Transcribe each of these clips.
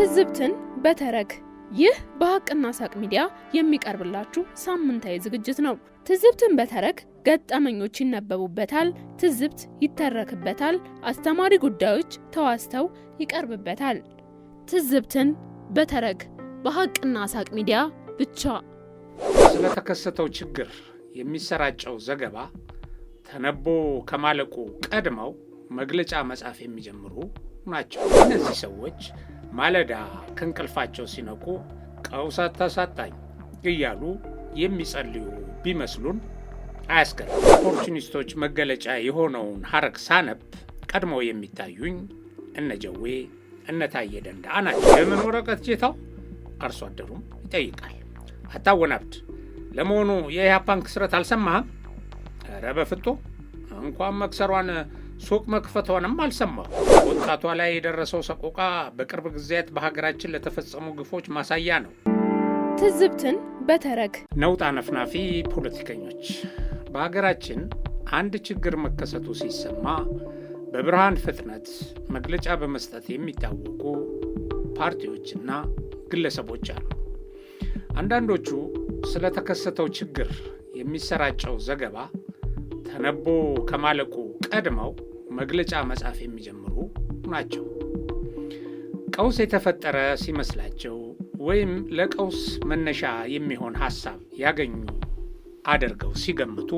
ትዝብትን በተረክ ይህ በሀቅና ሳቅ ሚዲያ የሚቀርብላችሁ ሳምንታዊ ዝግጅት ነው። ትዝብትን በተረክ ገጠመኞች ይነበቡበታል፣ ትዝብት ይተረክበታል፣ አስተማሪ ጉዳዮች ተዋስተው ይቀርብበታል። ትዝብትን በተረክ በሀቅና ሳቅ ሚዲያ ብቻ። ስለተከሰተው ችግር የሚሰራጨው ዘገባ ተነቦ ከማለቁ ቀድመው መግለጫ መጻፍ የሚጀምሩ ናቸው እነዚህ ሰዎች ማለዳ ከእንቅልፋቸው ሲነቁ ቀውስ አታሳጣኝ እያሉ የሚጸልዩ ቢመስሉን አያስገርም። ኦፖርቹኒስቶች መገለጫ የሆነውን ሀረግ ሳነብ ቀድሞ የሚታዩኝ እነ ጀዌ እነ ታየ ናቸው። የምን ወረቀት ጄታው አርሶ አደሩም ይጠይቃል። አታወናብድ፣ ለመሆኑ የኢህአፓን ክስረት አልሰማህም? ኧረ በፍጦ እንኳን መክሰሯን ሱቅ መክፈቷንም አልሰማሁ። በእንስሳቷ ላይ የደረሰው ሰቆቃ በቅርብ ጊዜያት በሀገራችን ለተፈጸሙ ግፎች ማሳያ ነው። ትዝብትን በተረክ ነውጥ አነፍናፊ ፖለቲከኞች በሀገራችን አንድ ችግር መከሰቱ ሲሰማ በብርሃን ፍጥነት መግለጫ በመስጠት የሚታወቁ ፓርቲዎችና ግለሰቦች አሉ። አንዳንዶቹ ስለተከሰተው ችግር የሚሰራጨው ዘገባ ተነቦ ከማለቁ ቀድመው መግለጫ መጻፍ የሚጀምሩ ናቸው። ቀውስ የተፈጠረ ሲመስላቸው ወይም ለቀውስ መነሻ የሚሆን ሐሳብ ያገኙ አድርገው ሲገምቱ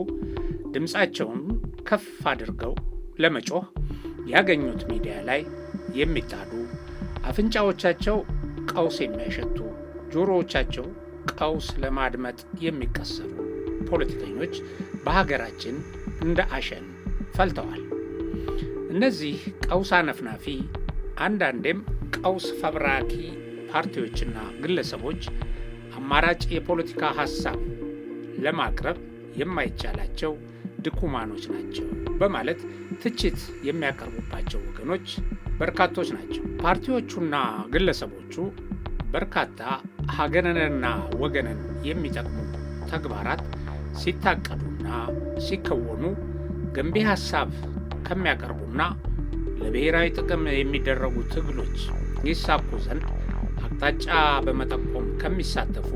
ድምፃቸውን ከፍ አድርገው ለመጮህ ያገኙት ሚዲያ ላይ የሚጣሉ አፍንጫዎቻቸው ቀውስ የሚያሸቱ ጆሮዎቻቸው ቀውስ ለማድመጥ የሚቀሰሩ ፖለቲከኞች በሀገራችን እንደ አሸን ፈልተዋል። እነዚህ ቀውስ አነፍናፊ አንዳንዴም ቀውስ ፈብራኪ ፓርቲዎችና ግለሰቦች አማራጭ የፖለቲካ ሀሳብ ለማቅረብ የማይቻላቸው ድኩማኖች ናቸው በማለት ትችት የሚያቀርቡባቸው ወገኖች በርካቶች ናቸው። ፓርቲዎቹና ግለሰቦቹ በርካታ ሀገርንና ወገንን የሚጠቅሙ ተግባራት ሲታቀዱና ሲከወኑ ገንቢ ሀሳብ ከሚያቀርቡና ለብሔራዊ ጥቅም የሚደረጉ ትግሎች ይሳኩ ዘንድ አቅጣጫ በመጠቆም ከሚሳተፉ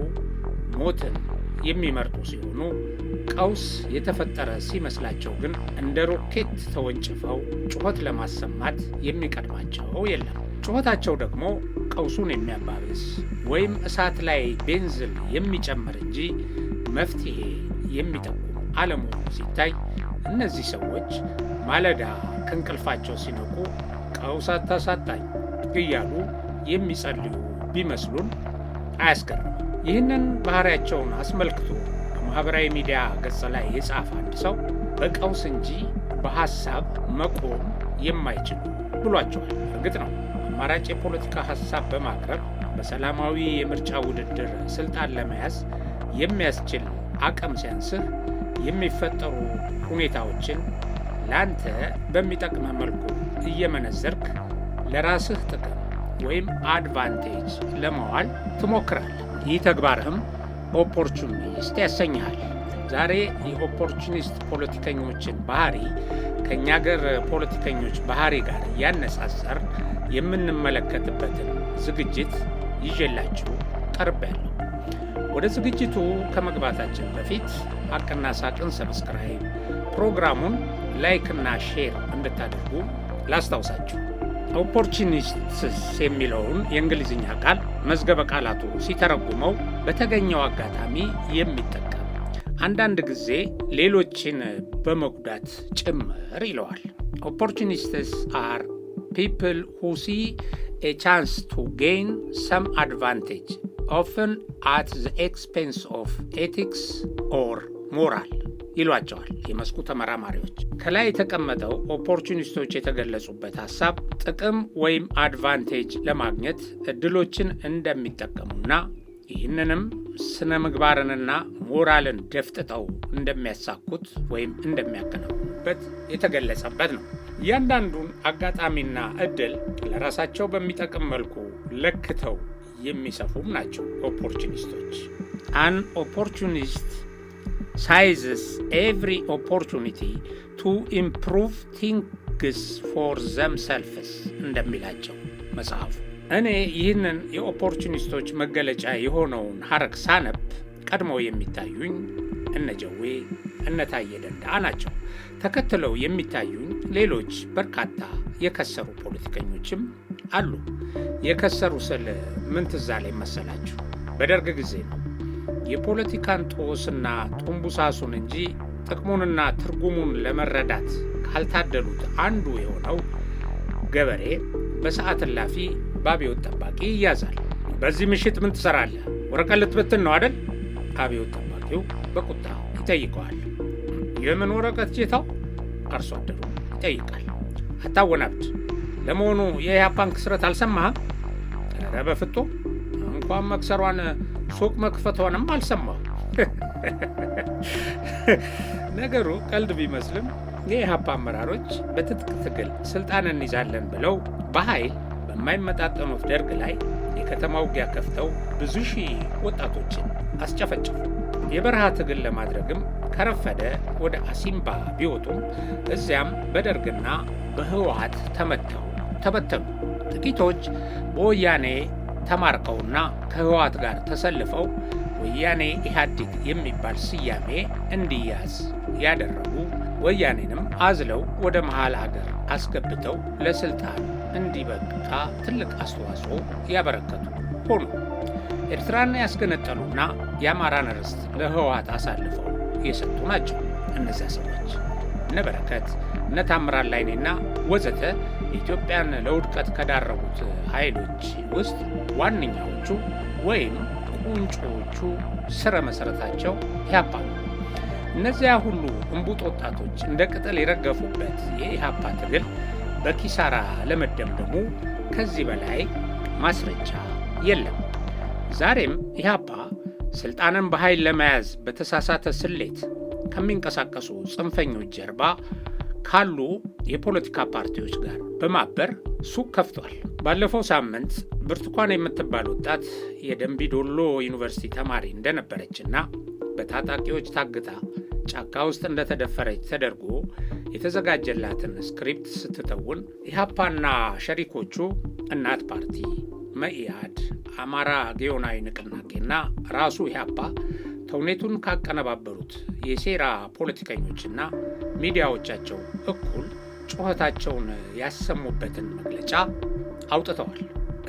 ሞትን የሚመርጡ ሲሆኑ ቀውስ የተፈጠረ ሲመስላቸው ግን እንደ ሮኬት ተወንጭፈው ጩኸት ለማሰማት የሚቀድማቸው የለም። ጩኸታቸው ደግሞ ቀውሱን የሚያባብስ ወይም እሳት ላይ ቤንዝል የሚጨምር እንጂ መፍትሄ የሚጠቁም አለመሆኑ ሲታይ እነዚህ ሰዎች ማለዳ ከእንቅልፋቸው ሲነቁ ቀውስ አታሳጣኝ እያሉ የሚጸልዩ ቢመስሉን አያስገርም። ይህንን ባህሪያቸውን አስመልክቶ በማኅበራዊ ሚዲያ ገጽ ላይ የጻፈ አንድ ሰው በቀውስ እንጂ በሐሳብ መቆም የማይችሉ ብሏቸዋል። እርግጥ ነው አማራጭ የፖለቲካ ሐሳብ በማቅረብ በሰላማዊ የምርጫ ውድድር ስልጣን ለመያዝ የሚያስችል አቅም ሲያንስህ የሚፈጠሩ ሁኔታዎችን ለአንተ በሚጠቅመ መልኩ እየመነዘርክ ለራስህ ጥቅም ወይም አድቫንቴጅ ለመዋል ትሞክራል። ይህ ተግባርህም ኦፖርቹኒስት ያሰኝሃል። ዛሬ የኦፖርቹኒስት ፖለቲከኞችን ባህሪ ከእኛ አገር ፖለቲከኞች ባህሪ ጋር ያነጻጸር የምንመለከትበትን ዝግጅት ይዤላችሁ ቀርቤያለሁ። ወደ ዝግጅቱ ከመግባታችን በፊት አቅና ሳቅን ሰብስክራይብ ፕሮግራሙን ላይክ እና ሼር እንድታደርጉ ላስታውሳችሁ። ኦፖርቹኒስትስ የሚለውን የእንግሊዝኛ ቃል መዝገበ ቃላቱ ሲተረጉመው በተገኘው አጋጣሚ የሚጠቀም አንዳንድ ጊዜ ሌሎችን በመጉዳት ጭምር ይለዋል። ኦፖርቹኒስትስ አር ፒፕል ሁ ሲ ኤ ቻንስ ቱ ጌን ሰም አድቫንቴጅ ኦፍን አት ዘ ኤክስፔንስ ኦፍ ኤቲክስ ኦር ሞራል ይሏቸዋል የመስኩ ተመራማሪዎች። ከላይ የተቀመጠው ኦፖርቹኒስቶች የተገለጹበት ሀሳብ ጥቅም ወይም አድቫንቴጅ ለማግኘት እድሎችን እንደሚጠቀሙና ይህንንም ስነ ምግባርንና ሞራልን ደፍጥጠው እንደሚያሳኩት ወይም እንደሚያከናውኑበት የተገለጸበት ነው። እያንዳንዱን አጋጣሚና እድል ለራሳቸው በሚጠቅም መልኩ ለክተው የሚሰፉም ናቸው ኦፖርቹኒስቶች። አን ኦፖርቹኒስት seizes every opportunity to improve things for themselves እንደሚላቸው መጽሐፉ። እኔ ይህንን የኦፖርቹኒስቶች መገለጫ የሆነውን ሐረግ ሳነብ ቀድሞ የሚታዩኝ እነጀዌ ጀዌ እነ ናቸው። ተከትለው የሚታዩኝ ሌሎች በርካታ የከሰሩ ፖለቲከኞችም አሉ። የከሰሩ ስል ምን ትዝ አለኝ መሰላችሁ? በደርግ ጊዜ ነው የፖለቲካን ጦስና ጡንቡሳሱን እንጂ ጥቅሙንና ትርጉሙን ለመረዳት ካልታደሉት አንዱ የሆነው ገበሬ በሰዓት እላፊ በአብዮት ጠባቂ ይያዛል። በዚህ ምሽት ምን ትሰራለህ? ወረቀት ልትበትን ነው አደል? አብዮት ጠባቂው በቁጣ ይጠይቀዋል። የምን ወረቀት ጄታው? አርሶ አደሩ ይጠይቃል። አታወናብድ። ለመሆኑ የኢህአፓን ክስረት አልሰማህም? ኧረ በፍጦ እንኳን መክሰሯን ሱቅ መክፈቷንም አልሰማሁ። ነገሩ ቀልድ ቢመስልም የኢህአፓ አመራሮች በትጥቅ ትግል ስልጣን እንይዛለን ብለው በኃይል በማይመጣጠኑት ደርግ ላይ የከተማ ውጊያ ከፍተው ብዙ ሺህ ወጣቶችን አስጨፈጨፉ። የበረሃ ትግል ለማድረግም ከረፈደ ወደ አሲምባ ቢወጡም እዚያም በደርግና በህወሀት ተመተው ተበተኑ። ጥቂቶች በወያኔ ተማርከውና ከህወሓት ጋር ተሰልፈው ወያኔ ኢህአዴግ የሚባል ስያሜ እንዲያዝ ያደረጉ ወያኔንም አዝለው ወደ መሃል ሀገር አስገብተው ለስልጣን እንዲበቃ ትልቅ አስተዋጽኦ ያበረከቱ ሆኑ። ኤርትራን ያስገነጠሉና የአማራን ርስት ለህወሓት አሳልፈው የሰጡ ናቸው። እነዚያ ሰዎች እነ በረከት እነ ታምራት ላይኔና ወዘተ ኢትዮጵያን ለውድቀት ከዳረጉት ኃይሎች ውስጥ ዋነኛዎቹ ወይም ቁንጮዎቹ ስረ መሰረታቸው ኢህአፓ ነው። እነዚያ ሁሉ እንቡጥ ወጣቶች እንደ ቅጠል የረገፉበት የኢህአፓ ትግል በኪሳራ ለመደምደሙ ከዚህ በላይ ማስረጃ የለም። ዛሬም ኢህአፓ ስልጣንን በኃይል ለመያዝ በተሳሳተ ስሌት ከሚንቀሳቀሱ ጽንፈኞች ጀርባ ካሉ የፖለቲካ ፓርቲዎች ጋር በማበር ሱቅ ከፍቷል። ባለፈው ሳምንት ብርቱካን የምትባል ወጣት ዶሎ ዩኒቨርሲቲ ተማሪ እንደነበረችና በታጣቂዎች ታግታ ጫካ ውስጥ እንደተደፈረች ተደርጎ የተዘጋጀላትን ስክሪፕት ስትተውን ኢህአፓና ሸሪኮቹ እናት ፓርቲ፣ መኢአድ፣ አማራ ጌዮናዊ ንቅናቄና ራሱ ኢህአፓ ተውኔቱን ካቀነባበሩት የሴራ ፖለቲከኞችና ሚዲያዎቻቸው እኩል ጩኸታቸውን ያሰሙበትን መግለጫ አውጥተዋል።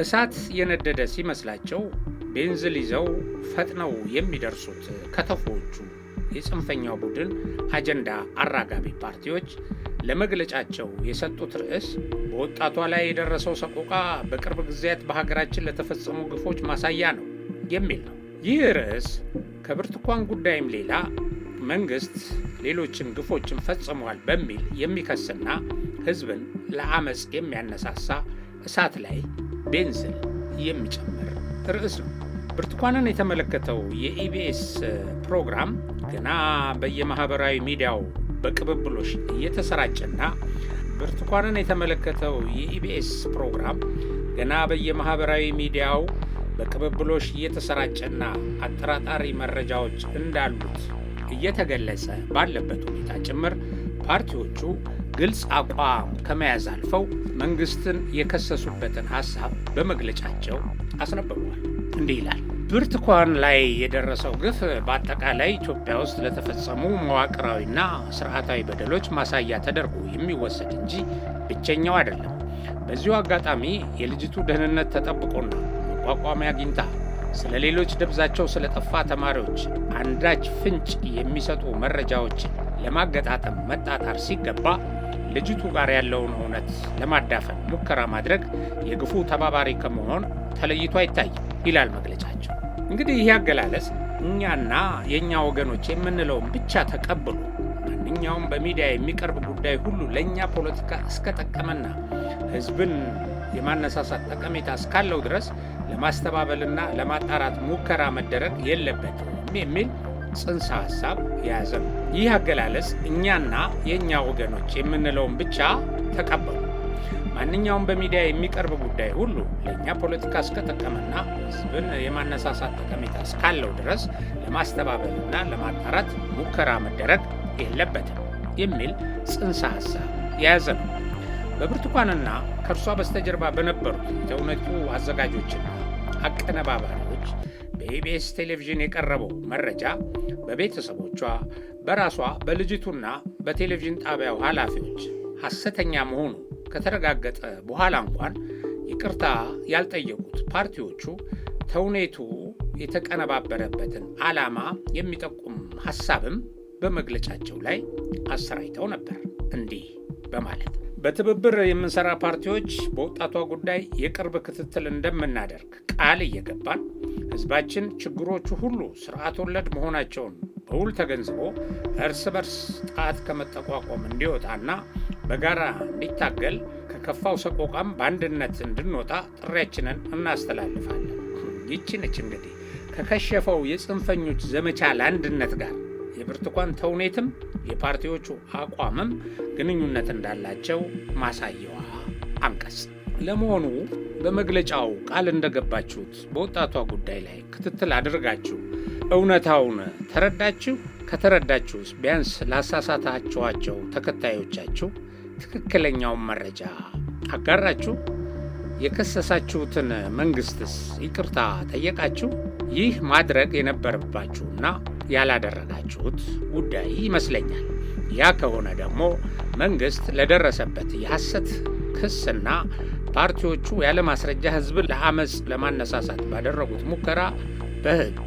እሳት የነደደ ሲመስላቸው ቤንዝል ይዘው ፈጥነው የሚደርሱት ከተፎዎቹ የጽንፈኛው ቡድን አጀንዳ አራጋቢ ፓርቲዎች ለመግለጫቸው የሰጡት ርዕስ በወጣቷ ላይ የደረሰው ሰቆቃ በቅርብ ጊዜያት በሀገራችን ለተፈጸሙ ግፎች ማሳያ ነው የሚል ነው። ይህ ርዕስ ከብርቱካን ጉዳይም ሌላ መንግስት ሌሎችን ግፎችን ፈጽሟል በሚል የሚከስና ህዝብን ለአመፅ የሚያነሳሳ እሳት ላይ ቤንዝል የሚጨምር ርዕስ ነው። ብርቱካንን የተመለከተው የኢቢኤስ ፕሮግራም ገና በየማህበራዊ ሚዲያው በቅብብሎሽ እየተሰራጨና ብርቱካንን የተመለከተው የኢቢኤስ ፕሮግራም ገና በየማህበራዊ ሚዲያው በቅብብሎሽ እየተሰራጨና አጠራጣሪ መረጃዎች እንዳሉት እየተገለጸ ባለበት ሁኔታ ጭምር ፓርቲዎቹ ግልጽ አቋም ከመያዝ አልፈው መንግስትን የከሰሱበትን ሀሳብ በመግለጫቸው አስነብበዋል። እንዲህ ይላል። ብርቱካን ላይ የደረሰው ግፍ በአጠቃላይ ኢትዮጵያ ውስጥ ለተፈጸሙ መዋቅራዊና ስርዓታዊ በደሎች ማሳያ ተደርጎ የሚወሰድ እንጂ ብቸኛው አይደለም። በዚሁ አጋጣሚ የልጅቱ ደህንነት ተጠብቆና መቋቋሚያ አግኝታ ስለ ሌሎች ደብዛቸው ስለ ጠፋ ተማሪዎች አንዳች ፍንጭ የሚሰጡ መረጃዎች ለማገጣጠም መጣጣር ሲገባ ልጅቱ ጋር ያለውን እውነት ለማዳፈን ሙከራ ማድረግ የግፉ ተባባሪ ከመሆን ተለይቶ አይታይም ይላል መግለጫቸው። እንግዲህ ይህ አገላለጽ እኛና የእኛ ወገኖች የምንለውን ብቻ ተቀብሎ ማንኛውም በሚዲያ የሚቀርብ ጉዳይ ሁሉ ለእኛ ፖለቲካ እስከጠቀመና ሕዝብን የማነሳሳት ጠቀሜታ እስካለው ድረስ ለማስተባበልና ለማጣራት ሙከራ መደረግ የለበትም የሚል ጽንሰ ሀሳብ የያዘ ነው። ይህ አገላለጽ እኛና የእኛ ወገኖች የምንለውን ብቻ ተቀበሉ። ማንኛውም በሚዲያ የሚቀርብ ጉዳይ ሁሉ ለእኛ ፖለቲካ እስከጠቀመና ሕዝብን የማነሳሳት ጠቀሜታ እስካለው ድረስ ለማስተባበልና ለማጣራት ሙከራ መደረግ የለበትም የሚል ጽንሰ ሀሳብ የያዘ ነው። በብርቱካንና ከእርሷ በስተጀርባ በነበሩት የተውነቱ አዘጋጆችና አቀነባባሪዎች በኢቢኤስ ቴሌቪዥን የቀረበው መረጃ በቤተሰቦቿ በራሷ በልጅቱና በቴሌቪዥን ጣቢያው ኃላፊዎች ሐሰተኛ መሆኑ ከተረጋገጠ በኋላ እንኳን ይቅርታ ያልጠየቁት ፓርቲዎቹ ተውኔቱ የተቀነባበረበትን ዓላማ የሚጠቁም ሐሳብም በመግለጫቸው ላይ አሰራጭተው ነበር እንዲህ በማለት በትብብር የምንሰራ ፓርቲዎች በወጣቷ ጉዳይ የቅርብ ክትትል እንደምናደርግ ቃል እየገባን ህዝባችን ችግሮቹ ሁሉ ስርዓት ወለድ መሆናቸውን በውል ተገንዝቦ እርስ በርስ ጣት ከመጠቋቋም እንዲወጣና በጋራ እንዲታገል ከከፋው ሰቆቃም በአንድነት እንድንወጣ ጥሪያችንን እናስተላልፋለን። ይቺ ነች እንግዲህ ከከሸፈው የጽንፈኞች ዘመቻ ለአንድነት ጋር የብርቱካን ተውኔትም የፓርቲዎቹ አቋምም ግንኙነት እንዳላቸው ማሳየዋ አንቀጽ። ለመሆኑ በመግለጫው ቃል እንደገባችሁት በወጣቷ ጉዳይ ላይ ክትትል አድርጋችሁ እውነታውን ተረዳችሁ? ከተረዳችሁስ ቢያንስ ላሳሳታችኋቸው ተከታዮቻችሁ ትክክለኛውን መረጃ አጋራችሁ? የከሰሳችሁትን መንግስትስ ይቅርታ ጠየቃችሁ? ይህ ማድረግ የነበረባችሁና ያላደረጋችሁት ጉዳይ ይመስለኛል። ያ ከሆነ ደግሞ መንግስት ለደረሰበት የሐሰት ክስና ፓርቲዎቹ ያለማስረጃ ህዝብን ለአመፅ ለማነሳሳት ባደረጉት ሙከራ በህግ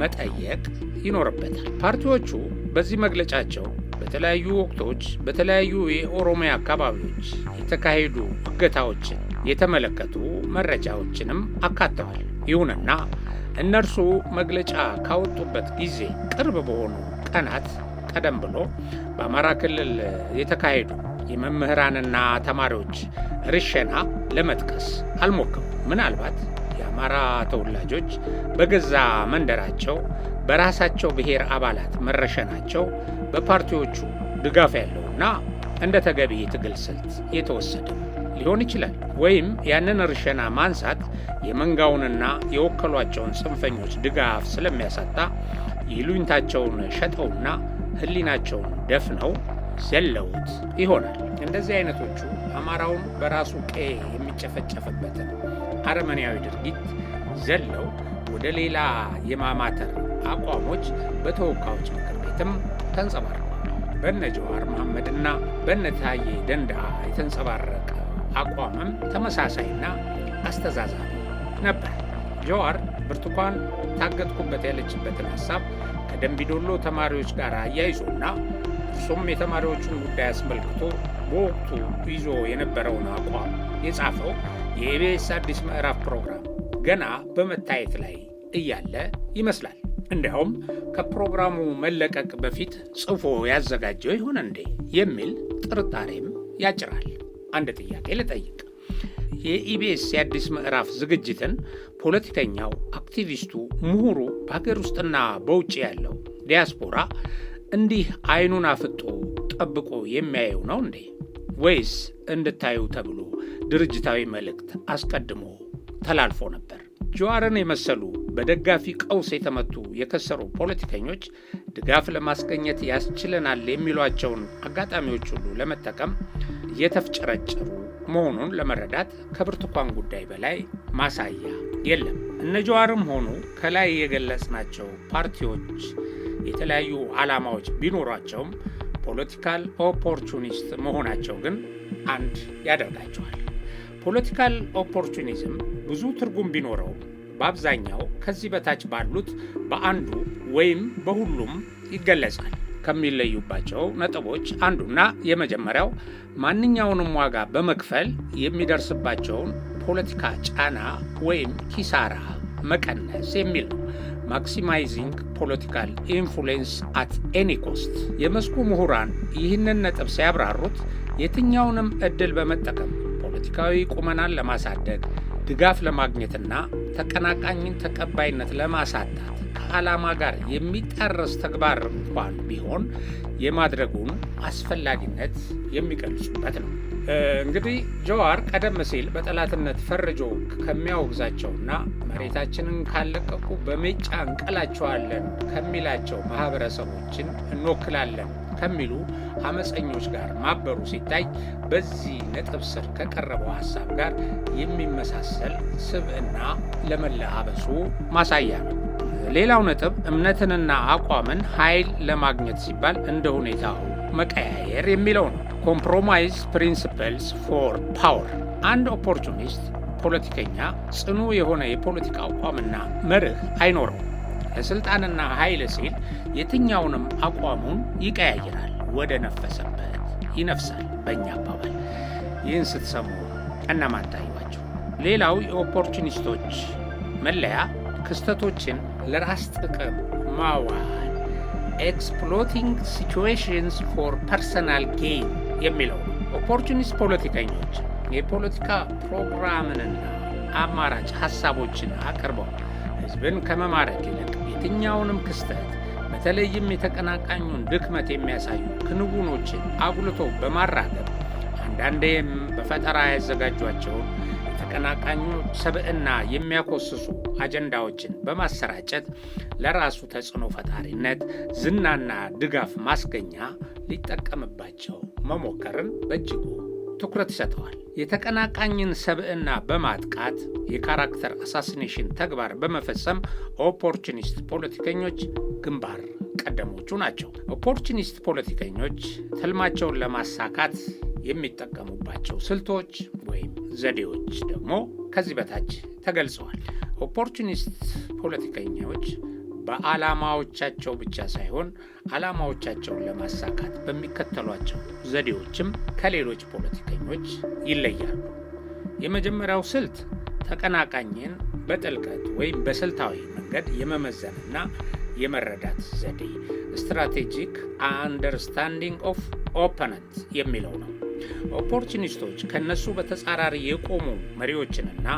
መጠየቅ ይኖርበታል። ፓርቲዎቹ በዚህ መግለጫቸው በተለያዩ ወቅቶች በተለያዩ የኦሮሚያ አካባቢዎች የተካሄዱ እገታዎችን የተመለከቱ መረጃዎችንም አካተዋል። ይሁንና እነርሱ መግለጫ ካወጡበት ጊዜ ቅርብ በሆኑ ቀናት ቀደም ብሎ በአማራ ክልል የተካሄዱ የመምህራንና ተማሪዎች ርሸና ለመጥቀስ አልሞክም። ምናልባት የአማራ ተወላጆች በገዛ መንደራቸው በራሳቸው ብሔር አባላት መረሸናቸው በፓርቲዎቹ ድጋፍ ያለውና እንደ ተገቢ የትግል ስልት የተወሰደ ሊሆን ይችላል። ወይም ያንን እርሸና ማንሳት የመንጋውንና የወከሏቸውን ጽንፈኞች ድጋፍ ስለሚያሳጣ ይሉኝታቸውን ሸጠውና ሕሊናቸውን ደፍነው ዘለውት ይሆናል። እንደዚህ አይነቶቹ አማራውን በራሱ ቀዬ የሚጨፈጨፍበትን አረመኔያዊ ድርጊት ዘለው ወደ ሌላ የማማተር አቋሞች በተወካዮች ምክር ቤትም ተንጸባርቋል። በነ ጀዋር መሐመድና በነ ታዬ ደንዳ የተንጸባረቀ አቋምም ተመሳሳይና አስተዛዛቢ ነበር። ጀዋር ብርቱካን ታገጥኩበት ያለችበትን ሀሳብ ከደንቢዶሎ ተማሪዎች ጋር አያይዞና እርሱም የተማሪዎቹን ጉዳይ አስመልክቶ በወቅቱ ይዞ የነበረውን አቋም የጻፈው የኢቢኤስ አዲስ ምዕራፍ ፕሮግራም ገና በመታየት ላይ እያለ ይመስላል። እንዲያውም ከፕሮግራሙ መለቀቅ በፊት ጽፎ ያዘጋጀው ይሆን እንዴ የሚል ጥርጣሬም ያጭራል። አንድ ጥያቄ ልጠይቅ። የኢቢኤስ የአዲስ ምዕራፍ ዝግጅትን ፖለቲከኛው፣ አክቲቪስቱ፣ ምሁሩ፣ በሀገር ውስጥና በውጭ ያለው ዲያስፖራ እንዲህ አይኑን አፍጦ ጠብቆ የሚያየው ነው እንዴ? ወይስ እንድታዩ ተብሎ ድርጅታዊ መልእክት አስቀድሞ ተላልፎ ነበር? ጀዋርን የመሰሉ በደጋፊ ቀውስ የተመቱ የከሰሩ ፖለቲከኞች ድጋፍ ለማስገኘት ያስችለናል የሚሏቸውን አጋጣሚዎች ሁሉ ለመጠቀም የተፍጨረጨሩ መሆኑን ለመረዳት ከብርቱካን ጉዳይ በላይ ማሳያ የለም። እነ ጀዋርም ሆኑ ከላይ የገለጽናቸው ፓርቲዎች የተለያዩ ዓላማዎች ቢኖሯቸውም ፖለቲካል ኦፖርቹኒስት መሆናቸው ግን አንድ ያደርጋቸዋል። ፖለቲካል ኦፖርቹኒዝም ብዙ ትርጉም ቢኖረው በአብዛኛው ከዚህ በታች ባሉት በአንዱ ወይም በሁሉም ይገለጻል። ከሚለዩባቸው ነጥቦች አንዱና የመጀመሪያው ማንኛውንም ዋጋ በመክፈል የሚደርስባቸውን ፖለቲካ ጫና ወይም ኪሳራ መቀነስ የሚል ነው። ማክሲማይዚንግ ፖለቲካል ኢንፍሉዌንስ አት ኤኒ ኮስት። የመስኩ ምሁራን ይህንን ነጥብ ሲያብራሩት የትኛውንም እድል በመጠቀም ፖለቲካዊ ቁመናን ለማሳደግ ድጋፍ ለማግኘትና ተቀናቃኝን ተቀባይነት ለማሳጣት ዓላማ ጋር የሚጣረስ ተግባር እንኳን ቢሆን የማድረጉን አስፈላጊነት የሚቀልጹበት ነው። እንግዲህ ጀዋር ቀደም ሲል በጠላትነት ፈርጆ ከሚያወግዛቸውና መሬታችንን ካለቀቁ በሜጫ እንቀላቸዋለን ከሚላቸው ማህበረሰቦችን እንወክላለን ከሚሉ አመፀኞች ጋር ማበሩ ሲታይ በዚህ ነጥብ ስር ከቀረበው ሀሳብ ጋር የሚመሳሰል ስብዕና ለመለሃበሱ ማሳያ ነው። ሌላው ነጥብ እምነትንና አቋምን ኃይል ለማግኘት ሲባል እንደ ሁኔታው መቀያየር የሚለው ነው። ኮምፕሮማይዝ ፕሪንስፕልስ ፎር ፓወር። አንድ ኦፖርቹኒስት ፖለቲከኛ ጽኑ የሆነ የፖለቲካ አቋምና መርህ አይኖረው። ለስልጣንና ኃይል ሲል የትኛውንም አቋሙን ይቀያይራል፣ ወደ ነፈሰበት ይነፍሳል። በእኛ አባባል ይህን ስትሰሙ እነማን ታዩዋቸው? ሌላው የኦፖርቹኒስቶች መለያ ክስተቶችን ለራስ ጥቅም ማዋል ኤክስፕሎቲንግ ሲቹዌሽንስ ፎር ፐርሰናል ጌን የሚለው ኦፖርቹኒስት ፖለቲከኞች የፖለቲካ ፕሮግራምንና አማራጭ ሀሳቦችን አቅርበው ሕዝብን ከመማረክ ይልቅ የትኛውንም ክስተት በተለይም የተቀናቃኙን ድክመት የሚያሳዩ ክንውኖችን አጉልቶ በማራገብ አንዳንዴም በፈጠራ ያዘጋጇቸውን የተቀናቃኙ ሰብዕና የሚያኮስሱ አጀንዳዎችን በማሰራጨት ለራሱ ተጽዕኖ ፈጣሪነት ዝናና ድጋፍ ማስገኛ ሊጠቀምባቸው መሞከርን በእጅጉ ትኩረት ይሰጠዋል። የተቀናቃኝን ሰብዕና በማጥቃት የካራክተር አሳሲኔሽን ተግባር በመፈጸም ኦፖርቹኒስት ፖለቲከኞች ግንባር ቀደሞቹ ናቸው። ኦፖርቹኒስት ፖለቲከኞች ትልማቸውን ለማሳካት የሚጠቀሙባቸው ስልቶች ወይም ዘዴዎች ደግሞ ከዚህ በታች ተገልጸዋል። ኦፖርቹኒስት ፖለቲከኞች በዓላማዎቻቸው ብቻ ሳይሆን ዓላማዎቻቸውን ለማሳካት በሚከተሏቸው ዘዴዎችም ከሌሎች ፖለቲከኞች ይለያሉ። የመጀመሪያው ስልት ተቀናቃኝን በጥልቀት ወይም በስልታዊ መንገድ የመመዘንና የመረዳት ዘዴ ስትራቴጂክ አንደርስታንዲንግ ኦፍ ኦፐነንት የሚለው ነው። ኦፖርቹኒስቶች ከነሱ በተጻራሪ የቆሙ መሪዎችንና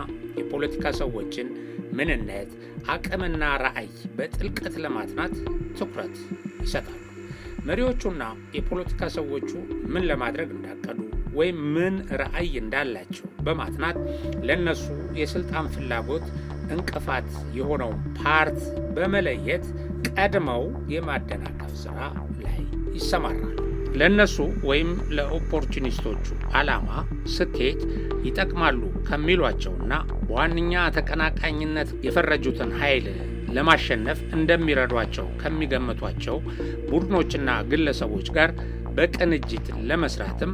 የፖለቲካ ሰዎችን ምንነት፣ አቅምና ራዕይ በጥልቀት ለማጥናት ትኩረት ይሰጣሉ። መሪዎቹና የፖለቲካ ሰዎቹ ምን ለማድረግ እንዳቀዱ ወይም ምን ራዕይ እንዳላቸው በማጥናት ለነሱ የስልጣን ፍላጎት እንቅፋት የሆነው ፓርት በመለየት ቀድመው የማደናቀፍ ስራ ላይ ይሰማራል ለእነሱ ወይም ለኦፖርቹኒስቶቹ ዓላማ ስኬት ይጠቅማሉ ከሚሏቸውና በዋነኛ ተቀናቃኝነት የፈረጁትን ኃይል ለማሸነፍ እንደሚረዷቸው ከሚገምቷቸው ቡድኖችና ግለሰቦች ጋር በቅንጅት ለመስራትም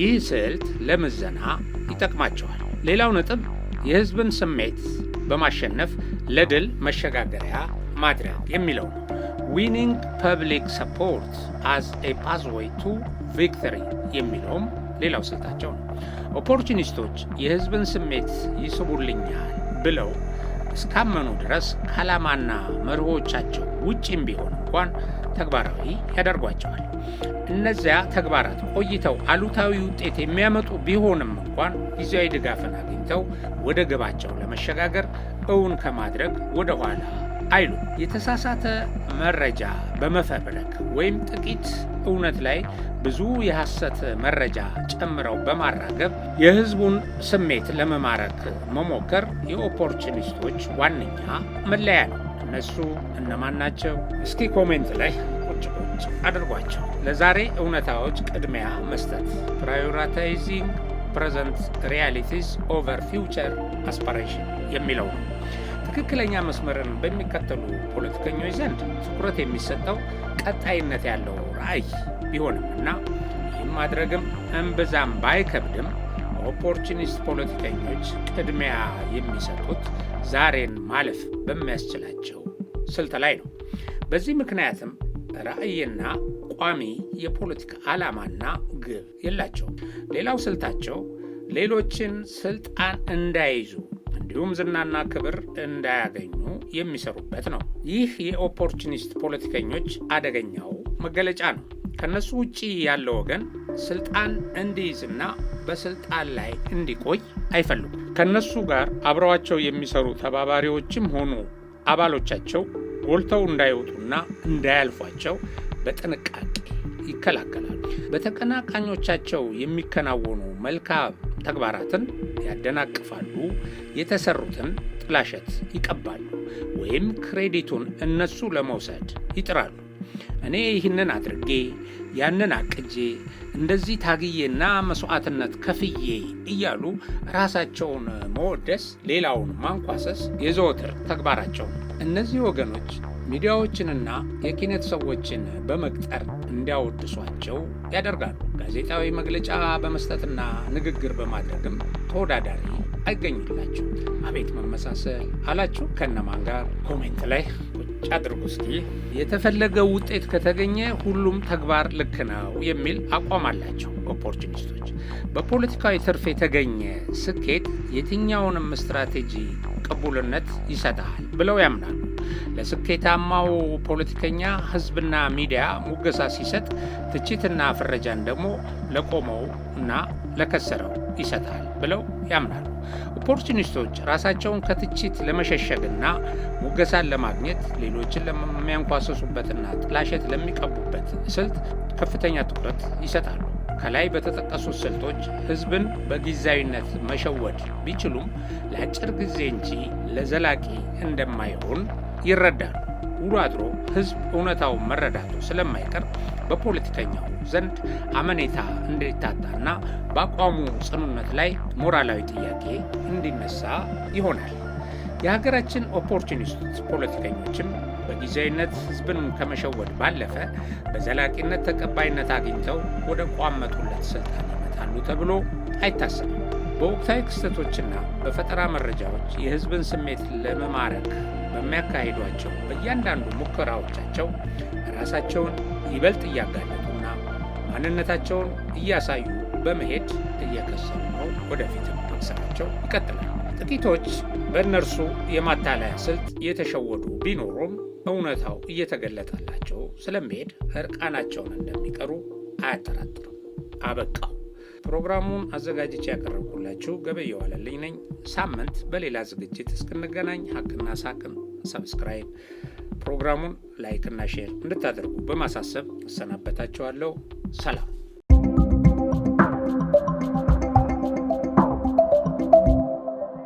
ይህ ስልት ለምዘና ይጠቅማቸዋል። ሌላው ነጥብ የሕዝብን ስሜት በማሸነፍ ለድል መሸጋገሪያ ማድረግ የሚለው ነው። ዊኒንግ ፐብሊክ ሰፖርት አዝ ኤ ፓዝዌይ ቱ ቪክተሪ የሚለውም ሌላው ስልታቸው ነው። ኦፖርቹኒስቶች የህዝብን ስሜት ይስቡልኛል ብለው እስካመኑ ድረስ ከዓላማና መርሆቻቸው ውጪም ቢሆን እንኳን ተግባራዊ ያደርጓቸዋል። እነዚያ ተግባራት ቆይተው አሉታዊ ውጤት የሚያመጡ ቢሆንም እንኳን ጊዜያዊ ድጋፍን አግኝተው ወደ ግባቸው ለመሸጋገር እውን ከማድረግ ወደ ኋላ አይሉ የተሳሳተ መረጃ በመፈብረክ ወይም ጥቂት እውነት ላይ ብዙ የሐሰት መረጃ ጨምረው በማራገብ የሕዝቡን ስሜት ለመማረክ መሞከር የኦፖርቹኒስቶች ዋነኛ መለያ ነው። እነሱ እነማን ናቸው? እስኪ ኮሜንት ላይ ቁጭ ቁጭ አድርጓቸው። ለዛሬ እውነታዎች ቅድሚያ መስጠት ፕራዮራታይዚንግ ፕሬዘንት ሪያሊቲስ ኦቨር ፊውቸር አስፓሬሽን የሚለው ነው። ትክክለኛ መስመርን በሚከተሉ ፖለቲከኞች ዘንድ ትኩረት የሚሰጠው ቀጣይነት ያለው ራዕይ ቢሆንም እና ይህም ማድረግም እምብዛም ባይከብድም ኦፖርቹኒስት ፖለቲከኞች ቅድሚያ የሚሰጡት ዛሬን ማለፍ በሚያስችላቸው ስልት ላይ ነው። በዚህ ምክንያትም ራዕይና ቋሚ የፖለቲካ ዓላማና ግብ የላቸውም። ሌላው ስልታቸው ሌሎችን ስልጣን እንዳይዙ እንዲሁም ዝናና ክብር እንዳያገኙ የሚሰሩበት ነው። ይህ የኦፖርቹኒስት ፖለቲከኞች አደገኛው መገለጫ ነው። ከነሱ ውጪ ያለ ወገን ስልጣን እንዲይዝና በስልጣን ላይ እንዲቆይ አይፈልጉም። ከነሱ ጋር አብረዋቸው የሚሰሩ ተባባሪዎችም ሆኑ አባሎቻቸው ጎልተው እንዳይወጡና እንዳያልፏቸው በጥንቃቄ ይከላከላሉ። በተቀናቃኞቻቸው የሚከናወኑ መልካም ተግባራትን ያደናቅፋሉ፣ የተሰሩትን ጥላሸት ይቀባሉ፣ ወይም ክሬዲቱን እነሱ ለመውሰድ ይጥራሉ። እኔ ይህንን አድርጌ ያንን አቅጄ እንደዚህ ታግዬና መስዋዕትነት ከፍዬ እያሉ ራሳቸውን መወደስ፣ ሌላውን ማንኳሰስ የዘወትር ተግባራቸው ነው። እነዚህ ወገኖች ሚዲያዎችንና የኪነት ሰዎችን በመቅጠር እንዲያወድሷቸው ያደርጋሉ። ጋዜጣዊ መግለጫ በመስጠትና ንግግር በማድረግም ተወዳዳሪ አይገኙላችሁ። አቤት መመሳሰል አላችሁ። ከነማን ጋር? ኮሜንት ላይ ቁጭ አድርጉ እስኪ። የተፈለገው ውጤት ከተገኘ ሁሉም ተግባር ልክ ነው የሚል አቋም አላቸው ኦፖርቹኒስቶች። በፖለቲካዊ ትርፍ የተገኘ ስኬት የትኛውንም ስትራቴጂ ቅቡልነት ይሰጣል ብለው ያምናሉ። ለስኬታማው ፖለቲከኛ ህዝብና ሚዲያ ሙገሳ ሲሰጥ፣ ትችትና ፍረጃን ደግሞ ለቆመው እና ለከሰረው ይሰጣል ብለው ያምናሉ። ኦፖርቹኒስቶች ራሳቸውን ከትችት ለመሸሸግና ሙገሳን ለማግኘት ሌሎችን ለሚያንኳሰሱበትና ጥላሸት ለሚቀቡበት ስልት ከፍተኛ ትኩረት ይሰጣሉ። ከላይ በተጠቀሱት ስልቶች ህዝብን በጊዜያዊነት መሸወድ ቢችሉም ለአጭር ጊዜ እንጂ ለዘላቂ እንደማይሆን ይረዳሉ። ውሎ አድሮ ህዝብ እውነታውን መረዳቱ ስለማይቀር በፖለቲከኛው ዘንድ አመኔታ እንዲታጣና በአቋሙ ጽኑነት ላይ ሞራላዊ ጥያቄ እንዲነሳ ይሆናል። የሀገራችን ኦፖርቹኒስት ፖለቲከኞችም በጊዜያዊነት ህዝብን ከመሸወድ ባለፈ በዘላቂነት ተቀባይነት አግኝተው ወደ ቋመጡለት ስልጣን ይመጣሉ ተብሎ አይታሰብም። በወቅታዊ ክስተቶችና በፈጠራ መረጃዎች የህዝብን ስሜት ለመማረክ በሚያካሂዷቸው በእያንዳንዱ ሙከራዎቻቸው ራሳቸውን ይበልጥ እያጋለጡና ማንነታቸውን እያሳዩ በመሄድ እየከሰሩ ነው። ወደፊትም መክሰራቸው ይቀጥላል። ጥቂቶች በእነርሱ የማታለያ ስልት የተሸወዱ ቢኖሩም እውነታው እየተገለጠላቸው ስለሚሄድ እርቃናቸውን እንደሚቀሩ አያጠራጥርም። አበቃው። ፕሮግራሙን አዘጋጅቼ ያቀረብኩላችሁ ገበየው ነኝ። ሳምንት በሌላ ዝግጅት እስክንገናኝ ሀቅና ሳቅን ሰብስክራይብ፣ ፕሮግራሙን ላይክ እና ሼር እንድታደርጉ በማሳሰብ እሰናበታችኋለሁ። ሰላም።